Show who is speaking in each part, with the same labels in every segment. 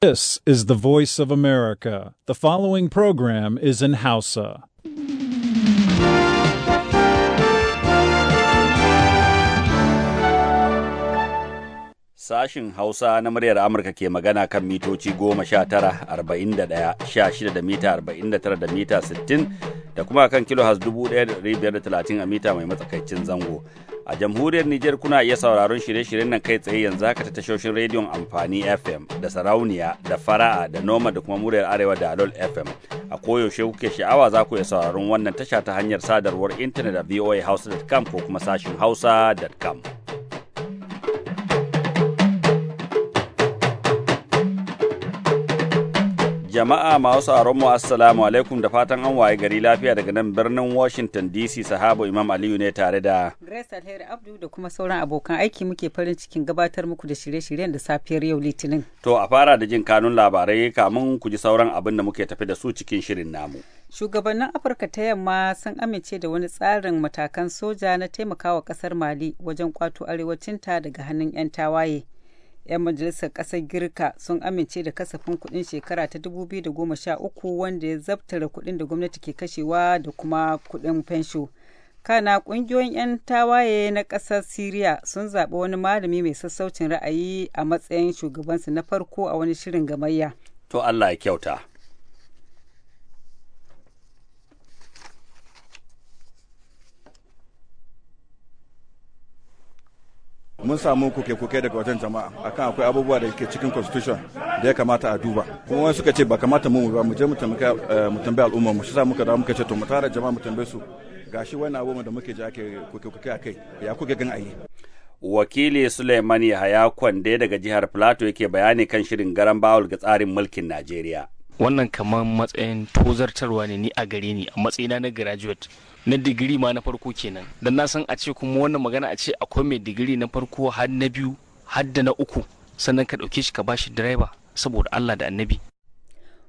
Speaker 1: This is the voice of America. The following program is in Hausa.
Speaker 2: Sashin Hausa na muryar Amurka ke magana kan mitoci goma sha tara, arba'in da ɗaya, sha shida da mita arba'in da tara da mita sittin da kuma kan kilo has dubu ɗaya da ɗari biyar da talatin a mita mai matsakaicin zango. a jamhuriyar Nijar kuna iya sauraron shirye-shiryen nan kai tsaye yanzu ka ta tashoshin rediyon amfani FM da sarauniya da fara'a da noma da kuma muryar arewa da alol FM a koyaushe kuke sha'awa za ku iya sauraron wannan tasha ta hanyar sadarwar intanet a voahouse.com ko kuma sashin hausa.com. Jama'a masu mu assalamu alaikum da fatan an waye gari lafiya daga nan birnin Washington DC sahabo Imam Aliyu ne tare da
Speaker 3: Grace Alheri Abdu da kuma sauran abokan aiki muke farin cikin gabatar muku da shirye-shiryen da safiyar yau Litinin.
Speaker 2: To a fara da jin kanun labarai kamun ku ji sauran abin da muke tafi da su cikin shirin namu.
Speaker 3: Shugabannin Afirka ta yamma sun amince da wani tsarin matakan soja na taimakawa kasar Mali wajen kwato arewacinta daga hannun 'yan tawaye. 'yan majalisar ƙasar girka sun amince da kasafin kuɗin shekara ta 2013 wanda ya zabtara kuɗin da gwamnati ke kashewa da kuma kuɗin fensho kana ƙungiyoyin 'yan tawaye na ƙasar syria sun zaɓi wani malami mai sassaucin ra'ayi a matsayin shugabansu na farko a wani shirin gamayya
Speaker 2: to allah ya kyauta
Speaker 4: mun samu kuke-kuke daga wajen jama'a akan akwai abubuwa da ke cikin constitution da ya kamata a duba kuma wani suka ce ba kamata mu ba mu je mu tambaye eh, al'umma mu shi sa muka dawo muka ce to mu tara jama'a mu tambaye su gashi wani abubuwan da muke ji ake kuke-kuke akai ya kuke gan ayi
Speaker 2: wakili Suleiman Yahaya Kwande daga jihar Plateau yake bayani kan shirin garan bawul ga tsarin mulkin Najeriya
Speaker 5: wannan kamar matsayin tozartarwa ne ni a gare ni a matsayina na graduate na digiri ma na farko kenan dan na san a ce kuma wannan magana a ce akwai mai digiri na farko har na biyu har da na uku sannan ka ɗauke shi ka bashi direba saboda
Speaker 2: Allah da annabi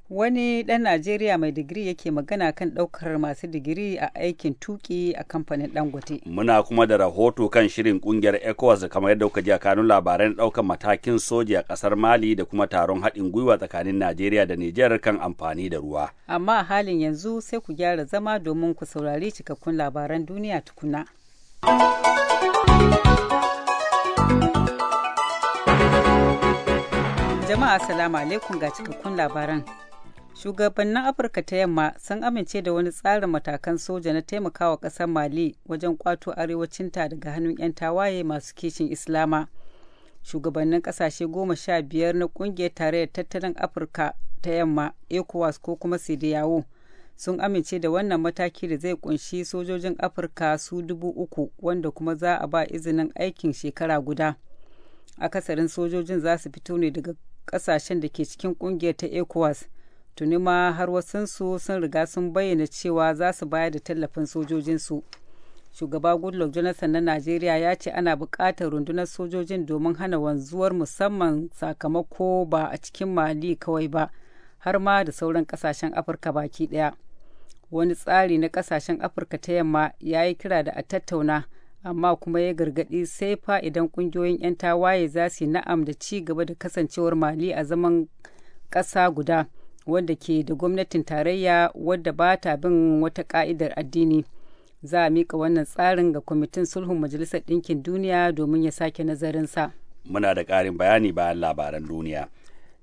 Speaker 3: wani ɗan najeriya mai digiri yake magana kan ɗaukar masu digiri a aikin tuki a kamfanin dangote
Speaker 2: muna kuma da rahoto kan shirin ƙungiyar ecowas kamar yadda kuka ji a kanun labaran ɗaukar matakin soji a ƙasar mali da kuma taron haɗin gwiwa tsakanin najeriya da nijar kan amfani da ruwa
Speaker 3: amma a halin yanzu sai ku gyara zama domin ku saurari cikakkun labaran duniya tukuna jama'a salamu alaikum ga cikakkun labaran shugabannin afirka ta yamma sun amince da wani tsarin matakan soja na taimakawa kasar mali wajen kwato arewacinta daga hannun 'yan tawaye masu kishin islama shugabannin kasashe goma sha biyar na ƙungiyar tarayyar tattalin afirka ta yamma ecowas ko kuma sidiyawo sun amince da wannan mataki da zai kunshi sojojin afirka su dubu uku wanda kuma za a ba izinin aikin shekara guda akasarin sojojin za su fito ne daga kasashen da ke cikin kungiyar ta ecowas tuni ma har wasansu sun riga sun bayyana cewa za su bayar da tallafin sojojinsu shugaba goodluck jonathan na najeriya ya ce ana bukatar rundunar sojojin domin hana wanzuwar musamman sakamako ba a cikin mali kawai ba har ma da sauran ƙasashen afirka baki ɗaya wani tsari na ƙasashen afirka ta yamma ya yi kira da a tattauna amma kuma ya gargaɗi sai fa idan ƙungiyoyin 'yan tawaye za su yi na'am da ci gaba da kasancewar mali a zaman ƙasa guda wadda ke da gwamnatin tarayya wadda ba ta bin wata ka'idar addini za a mika wannan tsarin ga kwamitin sulhun majalisar ɗinkin duniya domin ya sake nazarin sa
Speaker 2: muna da ƙarin bayani bayan labaran duniya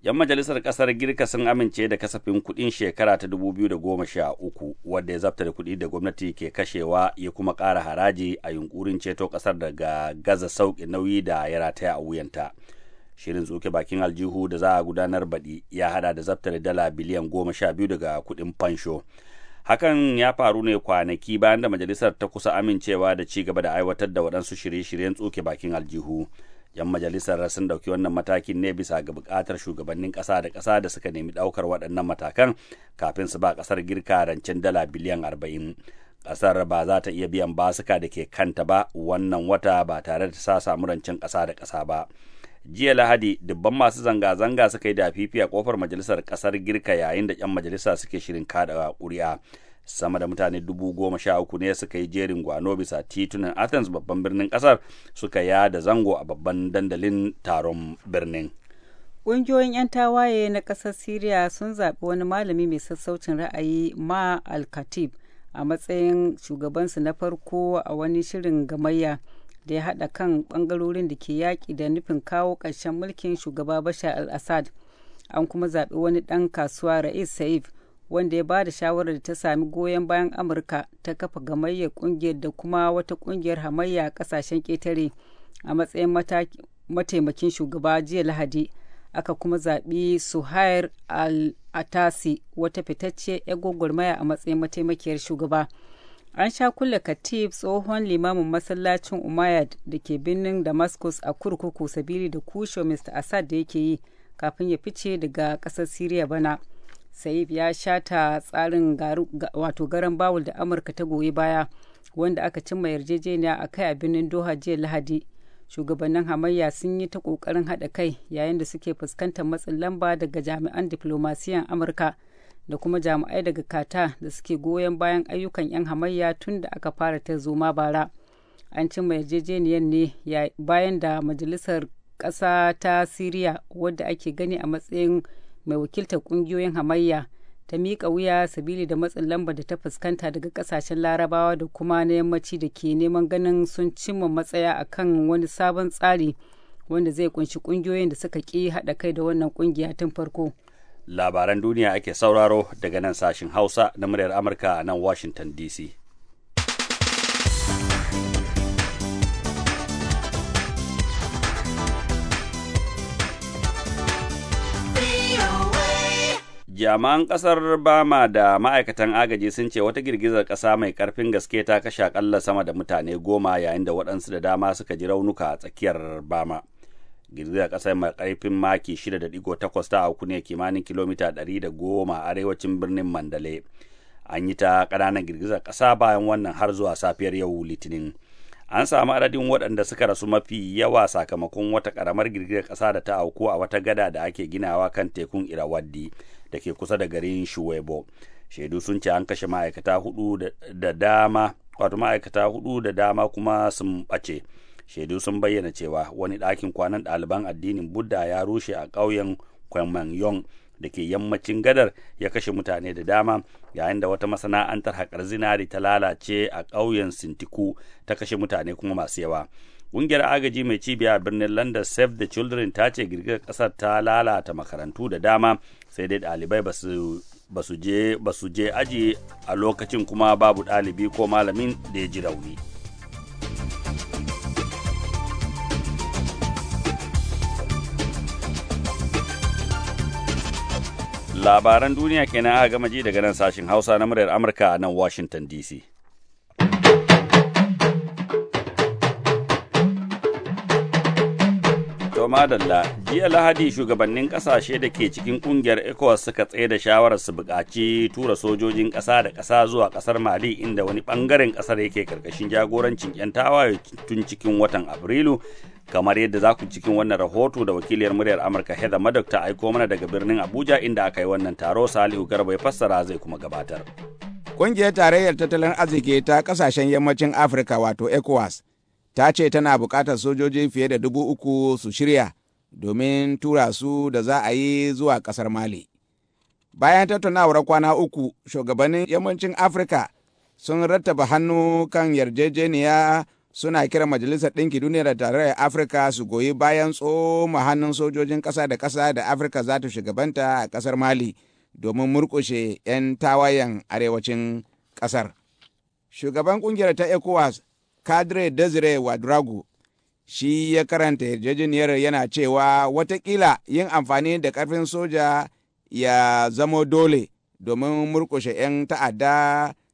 Speaker 2: 'yan majalisar ƙasar girka sun amince da kasafin kuɗin shekara ta 2013 wadda ya zafta da kuɗi da gwamnati ke kashewa ya kuma ƙara haraji a yunkurin ceto ƙasar daga gaza sauƙi nauyi da ya rataya a wuyanta shirin tsoke bakin aljihu da za a gudanar baɗi ya hada da zabtar dala biliyan goma sha biyu daga kuɗin fansho hakan ya faru ne kwanaki bayan da majalisar ta kusa amincewa da ci gaba da aiwatar da waɗansu shirye-shiryen tsuke bakin aljihu yan majalisar sun ɗauki wannan matakin ne bisa ga bukatar shugabannin ƙasa da kasa da suka nemi ɗaukar waɗannan matakan kafin su ba ƙasar girka rancen dala biliyan arba'in ƙasar ba za ta iya biyan basuka da ke kanta ba wannan wata ba tare da ta samu rancen ƙasa da ƙasa ba jiya lahadi dubban masu zanga-zanga suka yi da fifi a kofar majalisar kasar girka yayin da 'yan majalisa suke shirin kada kuri'a sama da mutane dubu goma sha uku ne suka yi jerin gwano bisa titunan athens babban birnin kasar suka ya da zango a babban dandalin taron birnin
Speaker 3: ƙungiyoyin 'yan tawaye na ƙasar syria sun zaɓi wani malami mai sassaucin ra'ayi ma al-khatib a matsayin shugabansu na farko a wani shirin gamayya da ya haɗa kan ɓangarorin da ke yaƙi da nufin kawo ƙarshen mulkin shugaba bashar al-assad an kuma zaɓi wani ɗan kasuwa ra'is saif wanda ya ba da shawarar da ta sami goyon bayan amurka ta kafa gamayyar ƙungiyar da kuma wata ƙungiyar hamayya ƙasashen ƙetare a matsayin mataimakin shugaba jiya lahadi aka kuma zaɓi suhair al-atasi wata fitacce 'yan gwagwarmaya a matsayin mataimakiyar shugaba. an sha kulle katif tsohon limamin masallacin umayyad da ke birnin damascus a kurkuku sabili da kusho mr assad da yake yi kafin ya fice daga kasar syria bana saif ya shata tsarin wato garan bawul da amurka ta goyi baya wanda aka cimma yarjejeniya a kai a birnin doha jiya lahadi shugabannin hamayya sun yi ta kokarin haɗa kai yayin da suke fuskantar matsin lamba daga jami'an diflomasiyan amurka da kuma jami'ai daga kata da suke goyon bayan ayyukan 'yan hamayya tun da aka fara ta zoma bara an cimma yarjejeniyar ne bayan da majalisar ƙasa ta siriya wadda ake gani a matsayin mai wakiltar ƙungiyoyin hamayya ta miƙa wuya sabili da matsin lamba da ta fuskanta daga ƙasashen larabawa da kuma na yammaci da ke neman ganin sun cimma matsaya a kan wani sabon tsari wanda zai kunshi ƙungiyoyin da suka ƙi haɗa kai da wannan ƙungiya tun farko.
Speaker 2: labaran duniya ake sauraro daga nan sashin hausa na muryar amurka a nan washington dc jami'an kasar bama da ma'aikatan agaji sun ce wata girgizar ƙasa mai ƙarfin gaske ta kashe akalla sama da mutane goma yayin da waɗansu da dama suka ji raunuka a tsakiyar bama girgizar ƙasar mai karfin maki 6.8 ta auku ne kimanin kilomita 110 a arewacin birnin mandale an yi ta ƙananan girgizar ƙasa bayan wannan har zuwa safiyar yau litinin an samu adadin waɗanda suka rasu mafi yawa sakamakon wata karamar girgizar ƙasa da ta auku a wata gada da ake ginawa kan tekun irawaddi da ke kusa da garin shuwebo shaidu sun ce an kashe ma'aikata hudu da dama ma'aikata hudu da dama kuma sun ɓace shaidu sun bayyana cewa wani ɗakin kwanan ɗaliban addinin buddha ya rushe a ƙauyen kwamanyong da ke yammacin gadar ya kashe mutane da dama yayin da wata masana'antar haƙar zinari ta lalace a ƙauyen sintiku ta kashe mutane kuma masu yawa ƙungiyar agaji mai cibiya a birnin london save the children ta ce girgizar ƙasar ta lalata makarantu da dama sai dai ɗalibai basu je aji a lokacin kuma babu ɗalibi ko malamin da ya ji rauni. labaran duniya kenan aka gama ji daga nan sashin hausa na muryar amurka a nan washington dc to madalla jiya lahadi shugabannin kasashe da ke cikin kungiyar ecowas suka tsaye da shawarar su buƙaci tura sojojin ƙasa da ƙasa zuwa ƙasar mali inda wani ɓangaren ƙasar yake karkashin jagorancin 'yan tawaye tun cikin watan afrilu kamar yadda za ku cikin wannan rahoto da wakiliyar muryar amurka heather maddox ta aiko mana daga birnin abuja inda aka yi wannan taro salihu garba ya fassara zai kuma gabatar
Speaker 6: ƙungiyar tarayyar tattalin arziki ta kasashen yammacin afirka wato ecowas ta ce tana buƙatar sojoji fiye da dubu uku su shirya domin tura su da za a yi zuwa ƙasar mali bayan tattaunawar kwana uku shugabannin yammacin afirka sun rattaba hannu kan yarjejeniya suna kiran majalisar ɗinki duniya da tarayyar afirka su goyi bayan tsoma hannun sojojin ƙasa da ƙasa da afirka za ta shugabanta a ƙasar mali domin murƙushe 'yan tawayen arewacin ƙasar shugaban ƙungiyar ta ecowas kadre desire wadrago shi ya karanta yarjejeniyar yana cewa watakila yin amfani da ƙarfin soja ya zamo dole domin murƙushe 'yan ta'adda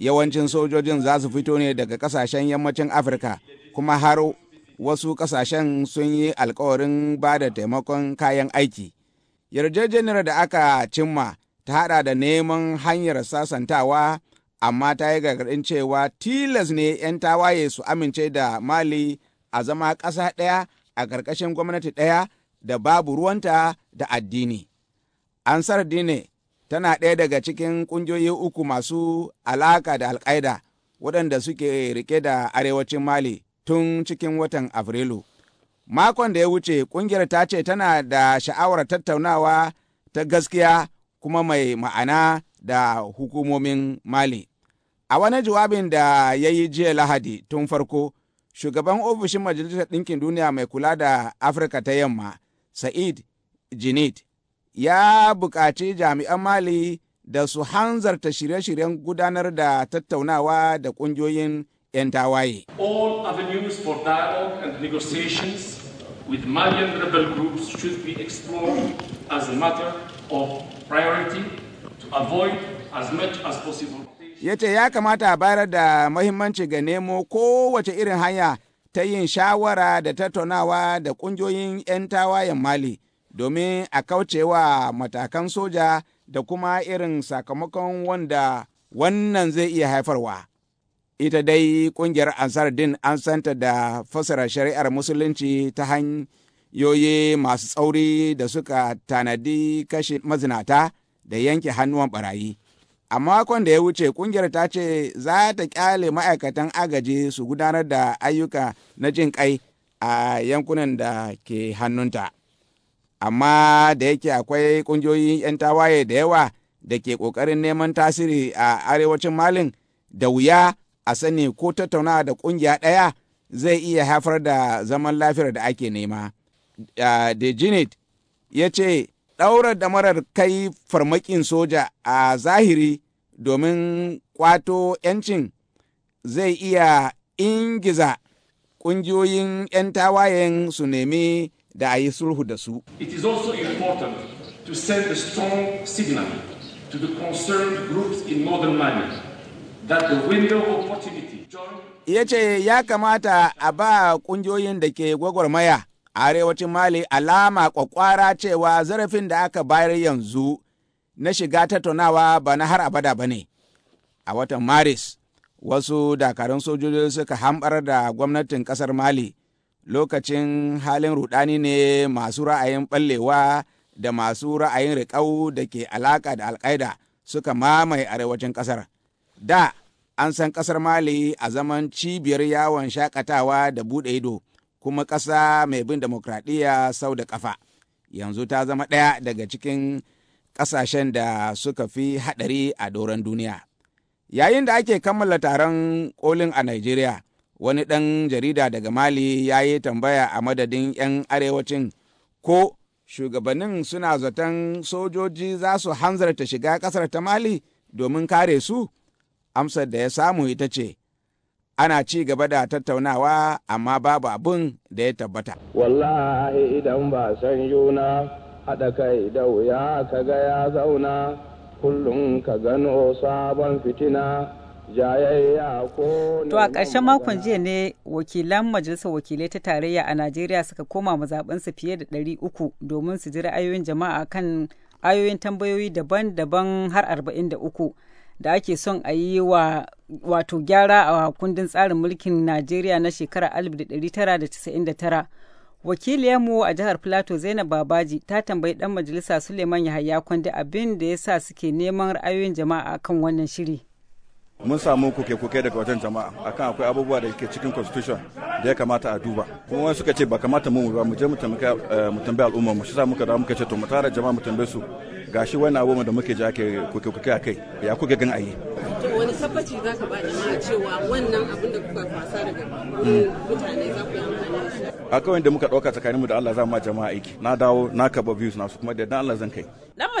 Speaker 6: yawancin sojojin za su fito ne daga kasashen yammacin afirka kuma har wasu kasashen sun yi alkawarin ba da taimakon kayan aiki yarjejeniyar da aka cimma ta hada da neman hanyar sasantawa amma ta yi gargaɗin cewa tilas ne 'yan tawaye su amince da mali a zama ƙasa ɗaya a ƙarƙashin gwamnati ɗaya da babu ruwanta da addini ansar dine tana ɗaya daga cikin ƙungiyoyi uku masu alaƙa da alƙaida waɗanda suke rike da arewacin mali tun cikin watan afrilu makon da ya wuce ƙungiyar ta ce tana da sha'awar tattaunawa ta gaskiya kuma mai ma'ana da hukumomin mali a wani jawabin da ya yi jiya lahadi tun farko shugaban ofishin majalisar ɗinkin duniya mai kula da afirka ta yamma sa'id jinid ya buƙaci jami'an mali da su hanzarta shirye-shiryen gudanar da tattaunawa da ƙungiyoyin 'yan tawaye.
Speaker 5: All avenues for dialogue and negotiations with Malian rebel groups should be
Speaker 2: explored as a matter of priority to avoid as much as possible.
Speaker 6: Ya ce ya kamata a bayar da mahimmanci ga nemo kowace irin hanya ta yin shawara da tattaunawa da ƙungiyoyin 'yan tawayen Mali. domin a kaucewa matakan soja da kuma irin sakamakon wanda wannan zai iya haifarwa. Ita dai ƙungiyar Ansar Din an santa da fasara shari'ar Musulunci ta hanyoyi masu tsauri da suka tanadi kashe mazinata da yanke hannuwan barayi. a makon da ya wuce kungiyar ta ce za ta kyale ma'aikatan agaji su gudanar da ayyuka na jin ƙai a yankunan da ke hannunta. amma da yake akwai ƙungiyoyin 'yan tawaye da yawa da ke ƙoƙarin neman tasiri a arewacin malin da wuya a sani ko tattauna da ƙungiya ɗaya zai iya haifar da zaman lafiyar da ake nema. Dejinit ya ce ɗaurar da marar kai farmakin soja a zahiri domin ƙwato 'yancin zai iya ingiza ƙungiyoyin 'yan tawayen su nemi da a yi sulhu da su.
Speaker 4: It is also
Speaker 2: important to send a strong signal to the concerned groups in northern Mali that the window of opportunity
Speaker 6: Ya ce ya kamata a ba kungiyoyin da ke gwagwarmaya a arewacin Mali alama kwakwara cewa zarafin da aka bayar yanzu na shiga tattaunawa ba na har abada ba ne. A watan Maris, wasu dakarun sojoji suka hambar da gwamnatin kasar Mali lokacin halin rudani ne masu ra'ayin ɓallewa da masu ra'ayin riƙau da ke alaƙa da alƙaida suka mamaye arewacin ƙasar. Da an san ƙasar Mali a zaman cibiyar yawon shakatawa da buɗe ido kuma ƙasa mai bin demokradiyya sau da ƙafa. Yanzu ta zama ɗaya daga cikin ƙasashen da suka fi haɗari a doron duniya. Yayin da ake kammala taron ƙolin a Najeriya, wani ɗan jarida daga mali ya yi tambaya a madadin 'yan arewacin ko shugabannin suna zaton sojoji za su hanzarta shiga ƙasar ta mali domin kare su amsar da ya samu ita ce ana ci gaba da tattaunawa amma babu abin da ya tabbata wallahi idan
Speaker 5: ba san yuna haɗa kai da wuya ka ga ya zauna kullum ka gano sabon fitina To a ƙarshen makon
Speaker 3: jiya ne wakilan Majalisar Wakilai ta Tarayya a Najeriya suka koma mazaɓinsu fiye da ɗari uku domin su ji ra'ayoyin jama'a kan ayoyin tambayoyi daban-daban har arba'in da uku da ake son a yi wa wato gyara a kundin tsarin mulkin Najeriya na shekarar 1999. Wakiliyarmu a jihar Filato Zainab Babaji ta tambayi ɗan majalisa Suleiman Yahaya Kwande abin da ya sa suke neman ra'ayoyin jama'a kan wannan shiri.
Speaker 4: mun samu kuke-kuke daga wajen jama'a akan akwai abubuwa da ke cikin constitution da ya kamata a duba kuma wani suka ce ba kamata mu ba mu je mu tambaye eh, al'umma mu shi sa muka da muka ce to mu tara jama'a mu tambaye su gashi wani abubuwa da muke ji ake kuke-kuke akai ya kuke gan ayi
Speaker 1: to wani tabbaci za ka ba jama'a cewa wannan abin da kuka fasa daga hmm. mutane za ku yi amfani da shi
Speaker 4: akwai wanda muka dauka tsakaninmu da Allah za mu ma jama'a aiki na dawo na kaba views nasu kuma da Allah zan kai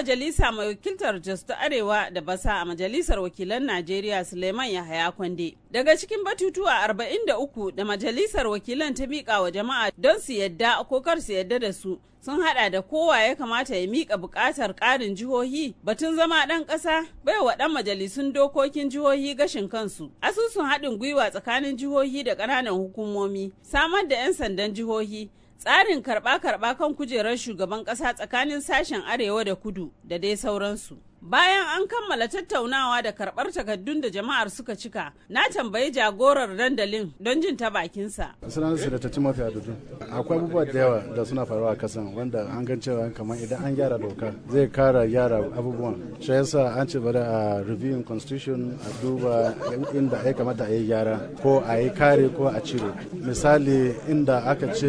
Speaker 1: majalisa mai wakiltar Jos ta Arewa da Basa a Majalisar Wakilan Najeriya Suleiman Yahaya Kwande. Daga cikin batutuwa arba'in da uku da Majalisar Wakilan ta miƙa wa jama'a don su yadda ko kar su yadda da su sun hada da kowa ya kamata ya miƙa buƙatar ƙarin jihohi batun zama ɗan ƙasa bai wa ɗan majalisun dokokin jihohi gashin kansu asusun haɗin gwiwa tsakanin jihohi da ƙananan hukumomi samar da 'yan sandan jihohi tsarin karɓa-karɓa kan kujerar shugaban ƙasa tsakanin sashen arewa da kudu da dai sauransu. Bayan an kammala tattaunawa da karɓar takardun da jama'ar suka cika, na tambayi jagorar dandalin don jin ta bakinsa.
Speaker 7: Sunan su da ta Timothy Adudu. Akwai abubuwa da yawa da suna faruwa a kasan wanda an gan cewa kamar idan an gyara doka zai kara gyara abubuwan. Shi yasa an ce bari a reviewing constitution a duba inda ya kamata a yi gyara ko a yi kare ko a cire. Misali inda aka ce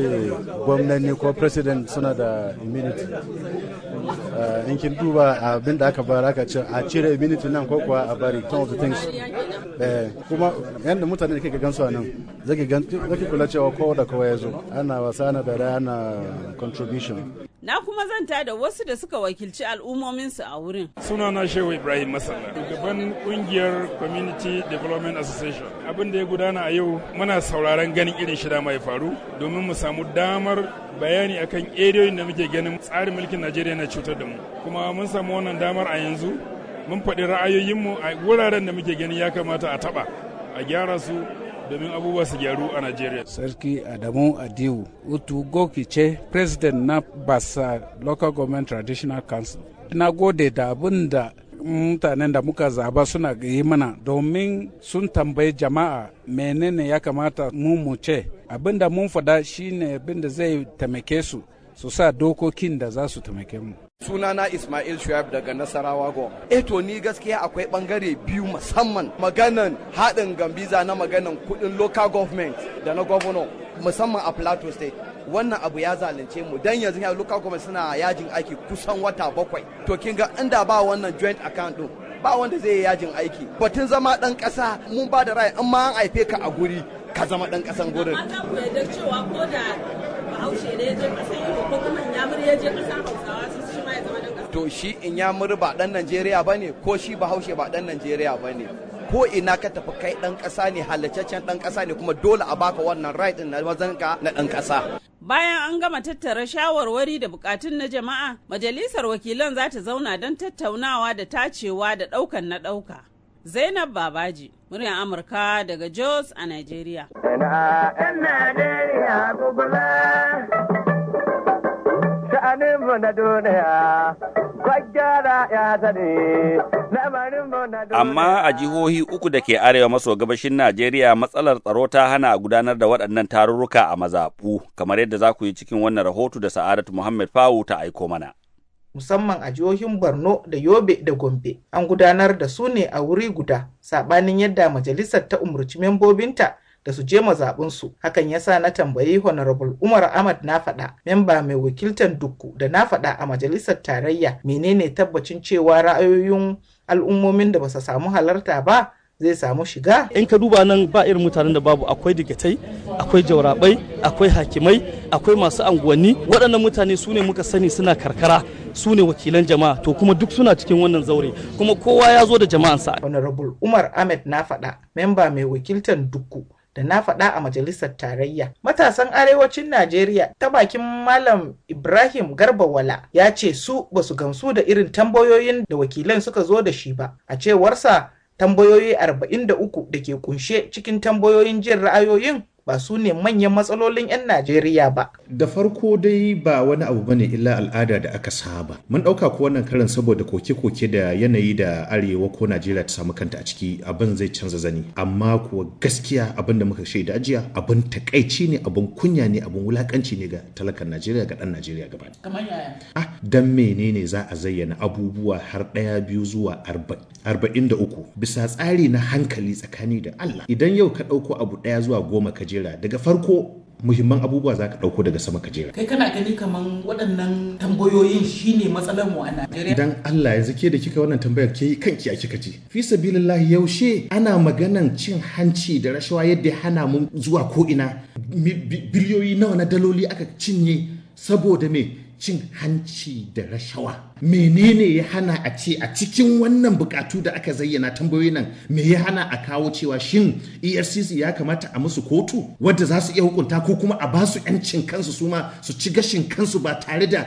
Speaker 7: gwamnani ko president suna da immunity. Eh, in kin duba abin da aka ba sauraka a cire miniti nan ko kuwa a bari some of the things eh, kuma yadda mutane da gan su a nan zaki kula cewa kowa da kowa ya zo ana wasa na dare ana contribution
Speaker 1: na kuma zanta da wasu da suka wakilci al'ummominsu a wurin. Sunana Shehu Ibrahim Masalla, shugaban
Speaker 5: kungiyar Community Development Association. Abin da ya gudana a yau muna sauraron ganin irin shida mai faru domin mu samu damar bayani akan eriyoyin da muke ganin tsarin mulkin Najeriya na cutar da mu kuma mun samu wannan damar a yanzu mun faɗi ra'ayoyin mu a wuraren da muke ganin ya kamata a taɓa a gyara su domin abubuwa su gyaru a Najeriya.
Speaker 4: Sarki Adamu Adiwu Utu Goki ce president na Basa Local Government Traditional Council. Na gode da abin da mutanen da muka zaba suna yi mana domin sun tambayi jama'a menene ya kamata mu mu ce abinda mun fada shine abinda zai taimake su su sa dokokin da za su taimake mu.
Speaker 7: Sunana Ismail Shuaib daga Nasarawa Go. Eto eh ni gaskiya akwai bangare biyu musamman maganan haɗin gambiza na maganan kuɗin local government da na governor musamman a Plateau State. wannan abu ya zalunce mu dan yanzu ya local government suna yajin aiki kusan wata bakwai to kin ga inda ba wannan joint account din ba wanda zai yi yajin aiki batun zama dan kasa mun ba da ra'ayi in ma an haife ka a guri ka zama dan kasan gurin
Speaker 1: cewa ko da bahaushe ne ya je ko kuma in ya je hausawa su shi ma ya zama ɗan ƙasa.
Speaker 7: to shi ba dan najeriya ba ne ko shi bahaushe ba dan najeriya ba ko ina ka tafi kai dan kasa ne halacaccen dan ƙasa ne kuma dole a baka wannan right din na mazanka na dan ƙasa.
Speaker 1: Bayan an gama tattara shawarwari da bukatun na jama'a, majalisar wakilan za ta zauna don tattaunawa da tacewa da ɗaukan na ɗauka. Zainab Babaji, muryar Amurka daga Jos a Najeriya.
Speaker 2: Amma a jihohi uku da ke arewa maso gabashin Najeriya matsalar tsaro ta hana a gudanar da waɗannan tarurruka a mazaɓu, kamar yadda za ku yi cikin wannan rahoto da Sa'adatu Muhammad Fawu ta aiko mana.
Speaker 8: Musamman a jihohin Borno da Yobe da Gombe, an gudanar da su ne a wuri guda, saɓanin yadda majalisar ta umarci membobinta da su je mazaɓinsu hakan ya sa na tambayi honorable umar ahmad na faɗa memba mai wakiltar dukku da na faɗa a majalisar tarayya menene tabbacin cewa ra'ayoyin al'ummomin da ba su samu halarta ba zai samu shiga in ka duba nan ba irin mutanen da babu akwai digatai akwai
Speaker 5: jaurabai akwai hakimai akwai masu anguwanni waɗannan mutane su ne muka sani suna karkara su ne wakilan jama'a to kuma duk suna cikin wannan zaure kuma kowa ya zo da jama'ansa
Speaker 8: honorable umar ahmed na faɗa memba mai wakiltar dukku da na faɗa a majalisar tarayya. Matasan arewacin Najeriya ta bakin Malam Ibrahim Garbawala ya ce su ba su gamsu da irin tambayoyin da wakilan suka zo da shi ba. A cewarsa tambayoyi 43 da ke kunshe cikin tambayoyin jin ra'ayoyin ba su ne manyan matsalolin 'yan Najeriya ba.
Speaker 9: Da farko dai ba wani abu bane illa al'ada da aka saba. Mun ɗauka ko wannan karin saboda koke-koke da yanayi da arewa ko Najeriya ta samu kanta a ciki abin zai canza zani. Amma kuwa gaskiya abin da muka shaida ajiya abin takaici ne abin kunya ne abin wulakanci ne ga talakan Najeriya ga ɗan Najeriya gaba.
Speaker 8: Kamar yaya? Ah,
Speaker 9: dan menene za a zayyana abubuwa har ɗaya biyu zuwa arba'in da uku bisa tsari na hankali tsakani da Allah. Idan yau ka ɗauko abu ɗaya zuwa goma ka jera daga farko muhimman abubuwa za ka ɗauko daga sama kajera. Kai
Speaker 8: kana gani kaman waɗannan tambayoyin
Speaker 9: shine matsalar mu a Najeriya. Dan Allah yanzu ke da kika wannan tambayar ke kanki a kika ce. Fi sabilillahi yaushe ana maganan cin hanci da rashawa yadda ya hana mu zuwa ko ina biliyoyi nawa na daloli aka cinye saboda me cin hanci da rashawa. menene ya hana a ce a cikin wannan bukatu da aka zayyana tambayoyi nan me ya hana a kawo cewa shin ERCC ya kamata a musu kotu wadda za su iya hukunta ko kuma a ba su yancin kansu suma su ci gashin kansu ba tare da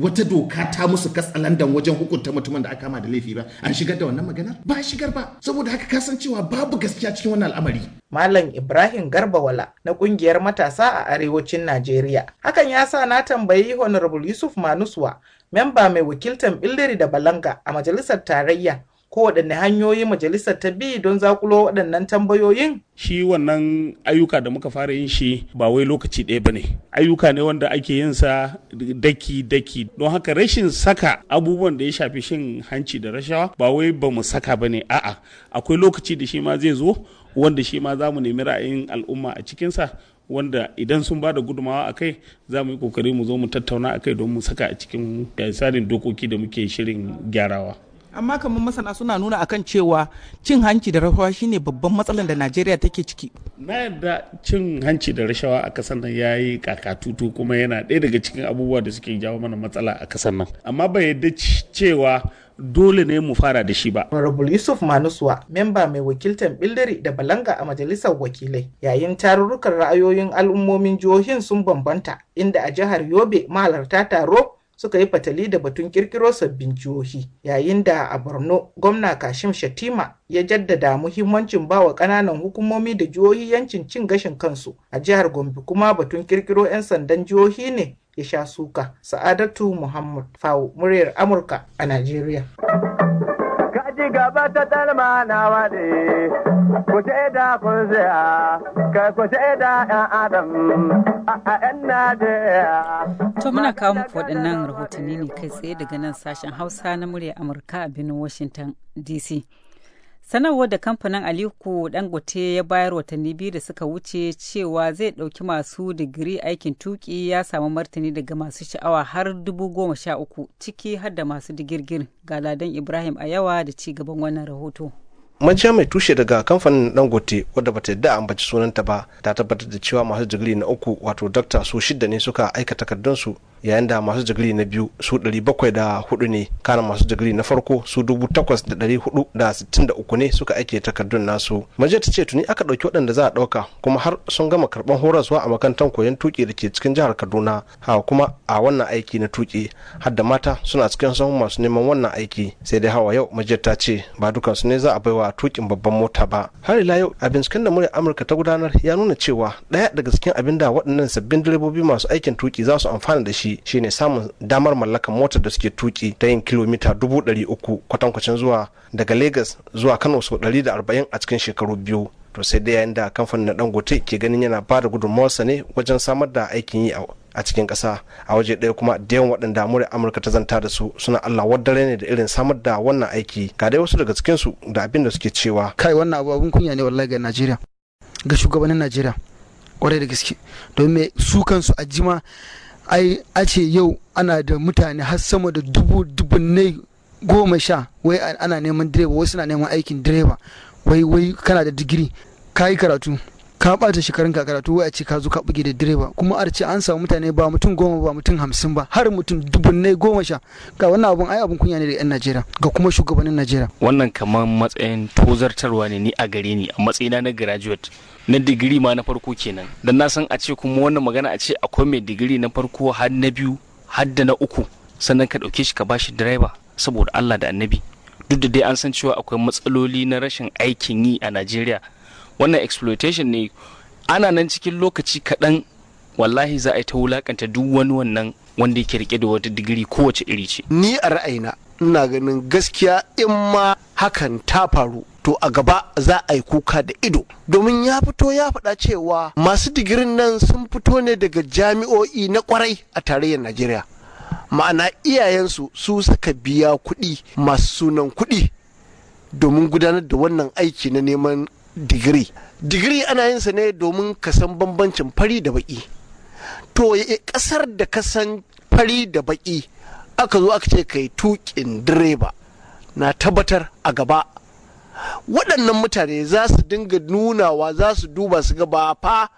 Speaker 9: wata doka ta musu katsalandan wajen hukunta mutumin da aka kama da laifi ba an shigar da wannan maganar ba shigar ba
Speaker 8: saboda haka cewa babu gaskiya cikin wannan al'amari Malam Ibrahim Garbawala na kungiyar matasa a arewacin Najeriya. Hakan ya sa na tambayi Honorable Yusuf Manuswa memba mai wakiltar Billiri da Balanga a majalisar tarayya ko waɗanne hanyoyi majalisar
Speaker 9: ta bi don zakulo waɗannan tambayoyin? Shi wannan ayyuka da muka fara yin shi ba wai lokaci ɗaya ba ne. Ayyuka ne wanda ake yin sa daki-daki don haka rashin saka abubuwan da ya shafi shin hanci da rashawa ba wai ba mu saka ba ne a'a akwai lokaci da shi ma zai zo wanda shi ma za mu nemi ra'ayin al'umma a cikinsa wanda idan sun bada gudumawa a kai za mu yi kokari mu zo mu tattauna a kai don mu saka a cikin tsarin dokoki da muke shirin gyarawa
Speaker 8: amma kamar masana suna nuna akan cewa cin hanci da rashawa shine babban matsalar da najeriya take ciki
Speaker 9: na yadda cin hanci da rashawa a kasar nan ya yi kakatutu kuma yana ɗaya daga cikin abubuwa da suke jawo mana matsala a kasar nan amma bai yadda cewa dole ne mu fara da shi ba. Honorable Yusuf manusuwa
Speaker 8: memba mai wakiltar Bildiri da Balanga a Majalisar Wakilai, yayin tarurrukan ra'ayoyin al'ummomin jihohin sun bambanta, inda a jihar Yobe mahalarta taro suka yi fatali da batun kirkiro sabbin jihohi yayin da a borno gwamna kashim shatima ya jaddada muhimmancin bawa ƙananan hukumomi da jihohi yancin cin gashin kansu a jihar gombe kuma batun kirkiro 'yan sandan jihohi ne ya sha suka sa'adatu muhammad fawo muryar amurka a najeriya
Speaker 2: ci gaba ta na ne, ku da kun zaya kai ku da ‘yan Adam
Speaker 5: a ‘yan Najeriya.
Speaker 3: To muna kawo muku waɗannan rahotanni ne kai tsaye daga nan sashen Hausa na murya Amurka a birnin Washington DC. sanarwar da kamfanin aliko dangote ya bayar watanni biyu da suka wuce cewa zai ɗauki masu digiri aikin tuki ya samu martani daga masu sha'awa har dubu goma sha uku ciki har da masu digirgir ga ladan ibrahim a yawa da ci gaban wannan rahoto
Speaker 7: majiya mai tushe daga kamfanin dangote wadda bata yadda ambaci sunanta ba ta tabbatar da cewa masu digiri na uku wato dakta su shidda ne suka aika takardunsu yayin da masu digiri na biyu su bakwai 704 ne kana masu digiri na farko su dubu da da da hudu sittin uku ne suka aike takardun nasu majiya ta ce tuni aka ɗauki waɗanda za a ɗauka kuma har sun gama karɓar horaswa a makarantar koyon tuƙi da ke cikin jihar kaduna ha kuma a wannan aiki na tuƙi har da mata suna cikin sahun masu neman wannan aiki sai dai hawa yau majiyar ta ce ba dukansu ne za a bai wa tuƙin babban mota ba har ila yau a binciken da muryar amurka ta gudanar ya nuna cewa ɗaya daga cikin abin da waɗannan sabbin direbobi masu aikin tuƙi za su amfana da shi shine samun damar mallakar motar da suke tuki ta yin kilomita dubu ɗari uku kwatankwacin zuwa daga Legas zuwa Kano sau ɗari da arba'in a cikin shekaru biyu. To sai dai yayin da kamfanin na Dangote ke ganin yana ba da gudunmawarsa ne wajen samar da aikin yi a cikin ƙasa a waje daya kuma da yawan waɗanda amurka amurka ta zanta da su suna allah wadare ne da irin samar da wannan aiki ga dai wasu daga cikinsu da abin da suke cewa
Speaker 9: kai wannan abu abin kunya ne wallahi ga najeriya ga shugabannin najeriya kwarai da gaske domin su kansu a jima ai a ce yau ana da mutane har sama da dubu dubunnai goma sha wai ana neman direba wasu na neman aikin direba wai wai kana da digiri ka yi karatu ka ɓata shekarun ka karatu wai a ce ka zo ka buge da direba kuma a ce an samu mutane ba mutum goma ba mutum hamsin ba har mutum dubunnai goma sha ga wannan abun ai abun kunya ne da yan najeriya ga kuma shugabannin najeriya
Speaker 5: wannan kamar matsayin tozartarwa ne ni a gare ni a matsayina na graduate na digiri ma na farko kenan dan na san a ce kuma wannan magana a ce akwai mai digiri na farko har na biyu har da na uku sannan ka ɗauke shi ka bashi direba saboda Allah da annabi duk da dai an san cewa akwai matsaloli na rashin aikin yi a Najeriya wannan exploitation ne ana nan cikin lokaci kaɗan wallahi za a yi ta wulakanta duk wani wannan wanda yake rike da wata digiri kowace iri ce ni a ra'ayina
Speaker 9: ina ganin gaskiya in ma hakan ta faru to a gaba za a yi kuka da ido domin ya fito ya faɗa cewa masu digirin nan sun fito ne daga jami'o'i na kwarai a tarayyar najeriya ma'ana iyayensu su suka biya kuɗi masu sunan kuɗi domin gudanar da wannan aiki na neman digiri digiri ana yin sa ne domin ka san bambancin fari da baki to kasar e, e, da ka san fari da baki aka zo aka ce kai tuƙin direba na tabbatar a gaba waɗannan mutane za su dinga nunawa za su duba su ga ba fa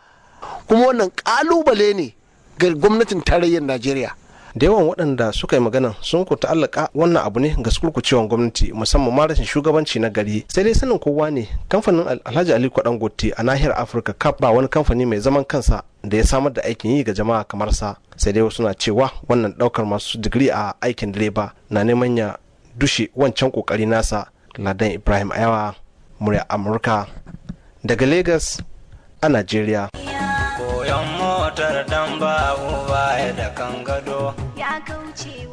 Speaker 9: kuma wannan ƙalubale ne ga gwamnatin tarayyar najeriya da yawan waɗanda suka yi magana
Speaker 7: sun ku ta'allaka wannan abu ne ga sukurkucewan gwamnati musamman ma rashin shugabanci na gari sai dai sanin kowa ne kamfanin alhaji aliko dangote a nahiyar afirka kaf ba wani kamfani mai zaman kansa da ya samar da aikin yi ga jama'a kamar sa sai dai wasu na cewa wannan ɗaukar masu digiri a aikin direba na neman ya dushe wancan ƙoƙari nasa ladan ibrahim ayawa murya amurka daga lagos a Najeriya.
Speaker 2: koyon motar dan babu baya da kan gado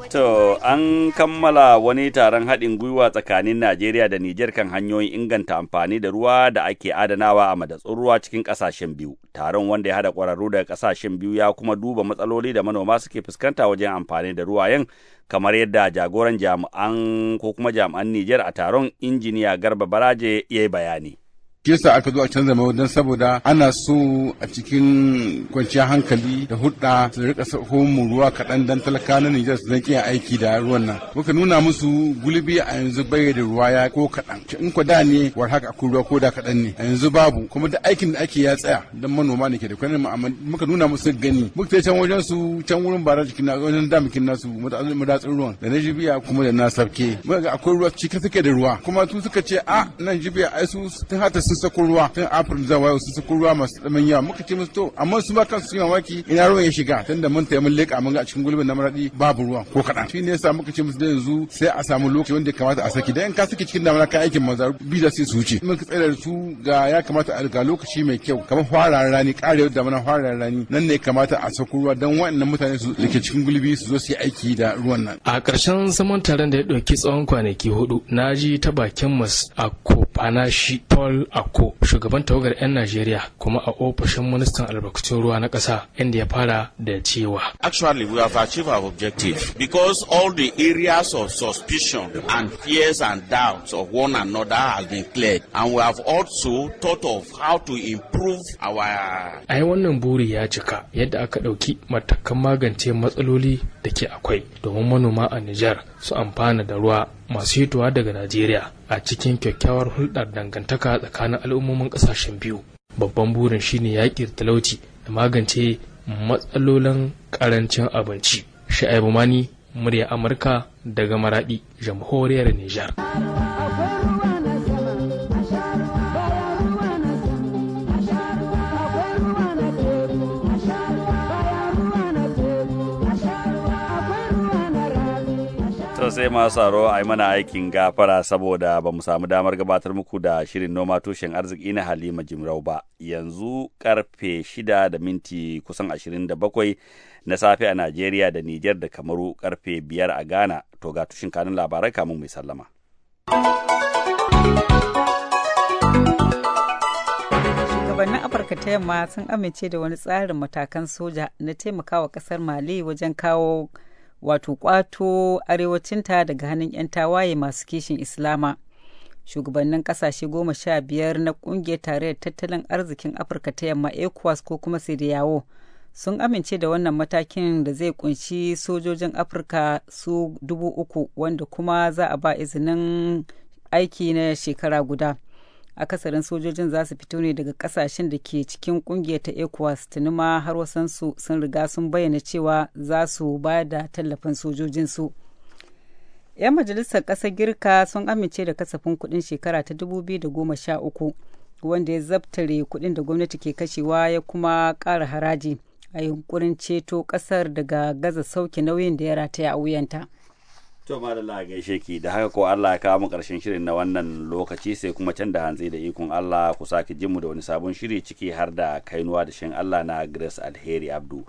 Speaker 2: To, an kammala wani taron haɗin gwiwa tsakanin Najeriya da Nijar kan hanyoyin inganta amfani da ruwa da ake adanawa a madatsun ruwa cikin ƙasashen biyu. Taron wanda ya haɗa ƙwararru daga ƙasashen biyu ya kuma duba matsaloli da manoma suke fuskanta wajen amfani da ruwa 'yan kamar yadda jagoran jami'an ko kuma jami'an Nijar a taron injiniya Garba Baraje ya yi bayani.
Speaker 4: kisa aka zo a canza mai don saboda ana so a cikin kwanciyar hankali da hudda su rika sako mu ruwa kaɗan don talaka na Nijar su zan iya aiki da ruwan nan. Muka nuna musu gulbi a yanzu bai da ruwa ya ko kaɗan. In ku da ne war haka akwai ruwa ko da kaɗan ne. A yanzu babu kuma da aikin da ake ya tsaya don manoma ne ke da kwanan amma muka nuna musu gani. Muka tai can wajen su can wurin bara cikin na wajen damakin nasu madatsin ruwan da na jibiya kuma da na sabke. Muka ga akwai ruwa cikin suke da ruwa kuma su suka ce a ah, nan jibiya ai su ta hata sun sako ruwa tun april wayo sun sako ruwa masu ɗumin yawa muka ce musu to amma su ma kansu yi mamaki ina ruwan ya shiga da mun taya mun leƙa mun ga a cikin gulbin na maraɗi babu ruwa ko kaɗan shi ne yasa muka ce musu da yanzu sai a samu lokaci wanda ya kamata a saki dan in ka saki cikin damar ka aikin maza bi da sai su wuce mun ka tsayar su ga ya kamata a riga lokaci mai kyau kamar fara rani da damar fara rani nan ne kamata a sako ruwa dan wa'annan mutane su dake cikin gulbi su zo su yi aiki da ruwan nan a
Speaker 5: ƙarshen zaman taron da ya ɗauki tsawon kwanaki hudu na ji ta bakin mas a na shi akko shugaban tawagar 'yan najeriya kuma a ofishin ministan albarkacin ruwa na ƙasa inda ya fara da cewa
Speaker 2: actually we have achieved our objective because all the areas of suspicion and fears and doubts of one another has been cleared and we have also thought of how to improve our
Speaker 5: ai wannan buri ya cika yadda aka ɗauki matakan magance matsaloli da ke akwai domin manoma a Nijar su amfana da ruwa masu hitowa daga Najeriya a cikin kyakkyawar hulɗar dangantaka tsakanin al'ummomin ƙasashen biyu. Babban burin shine yaƙi talauci da magance matsalolin ƙarancin abinci. Sha'ibu Mani, murya Amurka daga Maraɗi, jamhuriyar Nijar.
Speaker 2: sai masu tsaro a yi mana aikin gafara saboda ba mu samu damar gabatar muku da shirin noma tushen arziki na Halima Jimrau ba. Yanzu karfe shida da minti kusan ashirin da bakwai na safe a Najeriya da Nijar da Kamaru karfe biyar a Ghana to ga tushen kanun labarai kamun mai sallama.
Speaker 3: shugabannin afirka ta yamma sun amince da wani tsarin matakan soja na taimakawa kasar mali wajen kawo wato kwato arewacinta daga hannun 'yan tawaye masu kishin islama shugabannin kasashe goma sha biyar na kungiyar tarayyar tattalin arzikin afirka ta yamma ecowas ko kuma siriyawo sun amince da wannan matakin da zai kunshi sojojin afirka su dubu uku wanda kuma za a ba izinin aiki na shekara guda akasarin sojojin za su fito ne daga kasashen da ke cikin kungiyar ta ecowas tuni ma har wasansu sun riga sun bayyana cewa za su ba da tallafin sojojinsu 'yan majalisar ƙasar girka sun amince da kasafin kuɗin shekara ta 2013 wanda ya zabtare kuɗin da gwamnati ke kashewa ya kuma ƙara haraji a yunkurin ceto ƙasar daga gaza sauke nauyin da ya rataya a wuyanta.
Speaker 2: To madalla gaishe ki da haka ko Allah ya kawo mu karshen shirin na wannan lokaci sai kuma can da hanzi da ikon Allah ku sake jin mu da wani sabon shiri ciki har da kainuwa da shin Allah na Grace Alheri Abdu.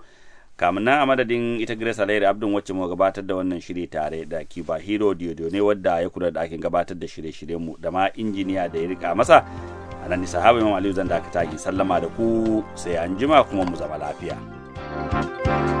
Speaker 2: kamin nan a madadin ita Grace Alheri Abdu wacce mu gabatar da wannan shiri tare da Kiba Hero ne wadda ya kula da aikin gabatar da shirye-shiryen mu da ma injiniya da ya rika masa. A nan ni sahaba Imam Aliyu zan dakata ki sallama da ku sai an jima kuma mu zama lafiya. thank you